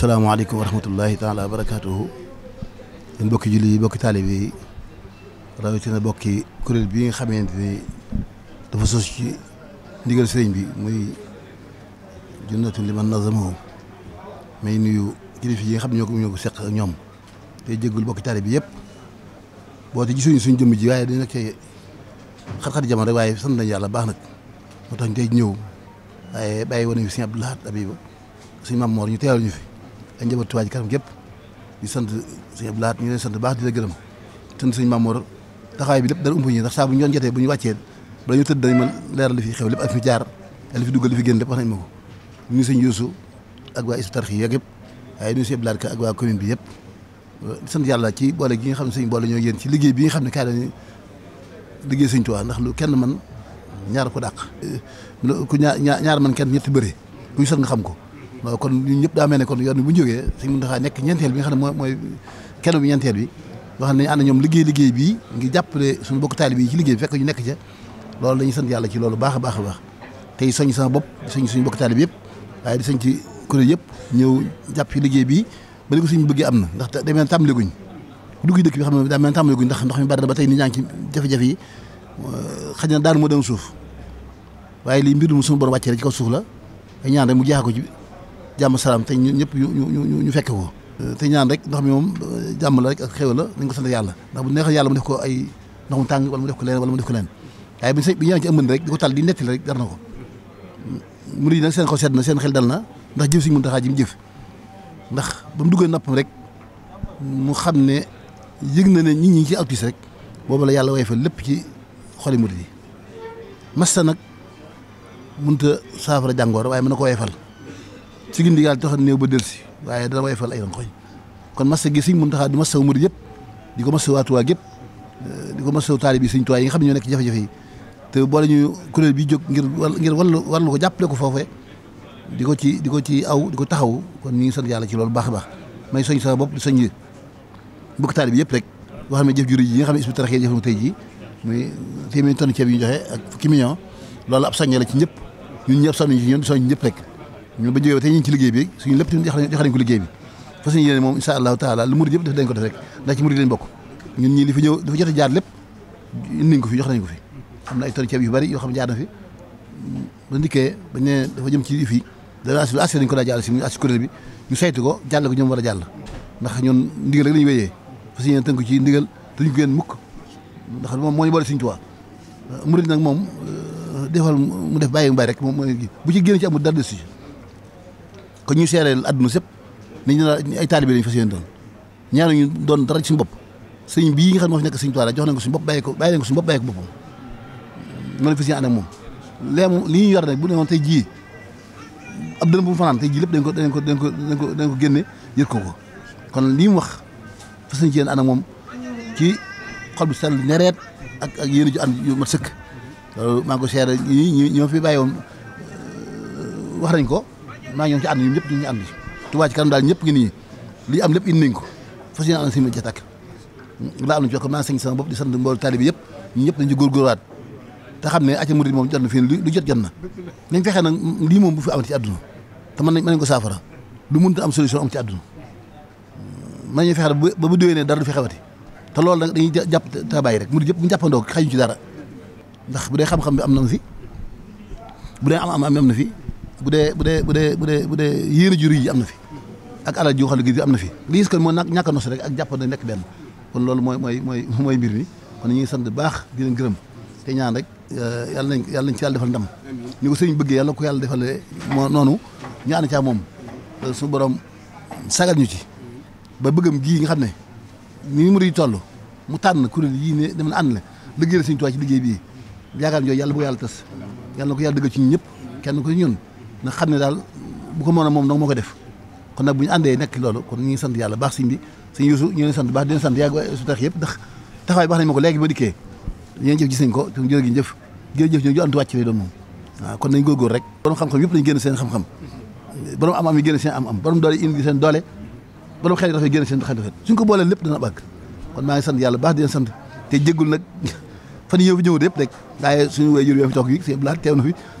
salaamaaleykum wa rahmatullahi taala wa barakaatuhu yéen bokki julli yi bokki taalib yi bokki kuréel bi nga xamante ni dafa sos ci ndigal sëriñ bi muy junnatu liman nazamahu may nuyu kilifa yi nga xam ne ñoo ko ñoom tey jéggul bokki taalib yi yëpp boote gisuñu suñ jëmm ji waaye dañ nag cee xat jamono rek waaye sant nañ yàlla baax nag moo tax ñu tey ñëw waaye bàyyi woon nañu fi sëñ Abdou ñu teewal fi ak njabootu Touba Ca Kanam gépp di sant sëñ ñu ngi lay sant baax di la gërëm sant sëñ Mamour taxawaay bi lépp dara umpu ñi ndax saa bu ñu jotee bu ñu wàccee bala ñu tëdd dañ ma leeral li fi xew lépp ak fi jaar ak li fi duggal li fi génn lépp wax nañ ma ko ñu ak waa Hizbut Tarqiyyah yeeg yëpp waaye ak waa commune bi yëpp di sant yàlla ci boole gi nga xam ne sëñ boole ñoo ci liggéey bi nga xam ne kaay dañu liggéey sëñ Touba ndax lu kenn man ñaar ko dàq ku ñaar ñaar man kenn ñetti bëre kuy sat nga xam ko waaw kon ñun ñëpp daa ne kon yoon bu ñu jógee Sëriñ Muntaxa nekk ñeenteel bi nga xam ne mooy mooy bi ñeenteel bi yoo xam ne ànd ñoom liggéey liggéey bii ngi jàppale suñu bokk taalib yi ci liggéey bi fekk ñu nekk ca loolu dañuy sant yàlla ci loolu baax a baax a tey soñ sama bopp soñ suñu bokk taalib yëpp waaye di soñ ci yëpp ñëw jàpp liggéey bii ba li ko suñu bëggee am na ndax demee tàmbali guñ dugg dëkk bi xam ne daa mel tàmbali guñ ndax ndox mi bari ba tey nit ñaa ngi ci jafe-jafe moo dem suuf waaye lii mbir mu suñu borom wàccee ci kaw suuf la ñaan rek mu jeexal ko ci jàmm salaam te ñun ñëpp ñu ñu ñu fekke ko te ñaan rek ndox mi moom euh, jàmm la rek ko yàlla ndax bu neexee yàlla mu def ko ay ndox mu tàng wala mu def ko leen waaye bi bi ñu ci ëmbën rek di ko tal di netti la rek jar na ko murid yi nag seen seen xel dal na ndax jëf suñu mën taxaa ji mu jëf ndax ba mu duggee nappam rek mu xam ne yëg na ne ñi ñi ci altis rek boobu la yàlla way fa lépp ci xoli murid yi masta nag mënta saafara jàngoor waaye mën na ko wayfal si gindi yàlla taxaw néew ba delsi waaye dana way fal ay rankoñ kon masa gi siñ mën taxaa di masaw murid yëpp di ko masaw waa Tuubaa gépp eh, di ko masaw taalib yi suñ Tuubaa yi nga xam ne ñoo nekk ci jafe-jafe yi te boole ñu kuréel bi jóg ngir ngir wallu wallu ko jàppale ko foofee di ko ci di ko ci aw di ko taxaw kon ñu ngi sant yàlla ci loolu baax a baax may soñ sama bopp di soñ bokk taalib yëpp rek yoo xam ne jëf juri yi nga xam ne isbitarax yi jëf na tey jii muy téeméeri tonne yi ñu joxe ak fukki loolu ab soññe ci ñëpp ñun ñëpp soññ ci ñoom di ñëpp rek ñun ba jógee tey ñu ci liggéey bi suñu lépp tamit jox nañ ko liggéey bi fas ñu yéene moom insha allahu taala lu murid yëpp def dañ ko def rek ndax ci murid lañ bokk ñun ñii li fi ñëw dafa jot a jaar lépp indi nañ ko fi jox nañ ko fi am na ay tonn ceeb yu bari yoo xam jaar na fi ba ndikkee bañ ne dafa jëm ci fii dana as ko daa jàll si assi kuréel bi ñu saytu ko jàll ko ñoom war a jàll ndax rek la ñu wéyee fas ci ndigal te ñu ko moom moo ñu boole Sëriñ Tuubaa murid nag moom euh, defal mu def bàyyi mu bàyyi rek moom bu ci génn ci amul dara kon ñu seereel adduna sépp ni ñu ay taalibe lañu fas yéene doon ñaanu ñu doon dara ci suñu bopp sëñ bii nga xam ne moo fi nekk sëñ Tuubaa jox na ko suñu bopp bàyyi ko bàyyi nañ ko suñu bopp bàyyi ko boppam noonu moom léegi li ñu yor nag bu ne tey jii ab dërëm bu mu fanaan lépp dañ ko dañ ko dañ ko dañ ko dañ ko génne yër ko ko kon li wax fas nañ yéen ànd moom ci xol bu sell ak ak yéen ju ànd yu sëkk loolu maa ngi ko seere ñi ñi ñoo fi bàyyi woon nañ ko maa ngi ci ànd ñun ñëpp ñu ngi ànd ci Touba ci daal ñëpp ngi nii li am lépp indi nañ ko fas yéene ànd si ma jatak laa am na jox ko maa ngi sama bopp di sant mboolu taalibe yëpp ñëpp nañ ci góorgóorwaat te xam ne acca murid moom jot na fii lu jot jot na nañ fexee nag lii moom bu fi amati ci àdduna te mën nañ ko saafara lu mënta am solution am ci àdduna mën nañu fexe ba bu déwénee dara du fi xewati te loolu nag dañuy jàpp te bàyyi rek murid yëpp ñu jàppandoo xañu ci dara ndax bu dee xam-xam bi am na fi bu dee am am am na fi bu dee bu dee bu dee bu dee bu dee yéen a juri am na fi ak ala ji waxal gi bi am na fi li gis moo nag ñàkk a nos rek ak jàpp na nekk benn kon loolu mooy mooy mooy mooy mbir mi kon ñu ngi sant baax di leen gërëm te ñaan rek euh, yàlla nañ yàlla nañ ci yàlla defal ndam ñu ko sëriñ bëggee yàlla ko yàlla defalee euh, moo noonu ñu ànd caa moom euh, su borom sagal ñu ci ba bëggam gii nga xam ne ni mu di toll mu tànn kuréel yii ne dama ànd la liggéeyal sëriñ Tuubaa ci liggéey bi yaakaar jooju yàlla bu ko yàlla tas yàlla na ko yàlla dëgg ci ñun ñëpp kenn ko ñun na xam ne daal bu ko mënoon moom nag moo ko def kon nag bu ñu àndee nekk loolu kon ñu ngi sant yàlla baax siñ bi sëñ Yuusu ñu ngi sant baax yëpp ndax taxawaay baax nañ ma ko léegi ba dikkee ñeen jëf gis ko o gi jëf jërëjëf ñoo ñu antu wàcc lay doon moom waaw kon nañ góorgóor rek borom xam-xam yëpp lañ génn seen xam-xam borom am am yi génn seen am am borom indi seen doole borom xel yi dafay génn seen xel dafay suñ ko boolee lépp dana bàgg kon maa ngi sant yàlla baax di sant te jéggul nag fan yow fi ñëwul yëpp rek daaye suñu wéy jur yoo fi toog yi seen blaat teew na fi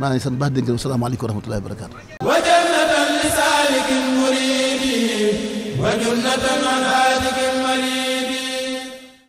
maa ngi sant baax di leen gërëm salaamaaleykum wa rahmatullahi wa barakaatu. wa jannatan li saalikin muridi wa jannatan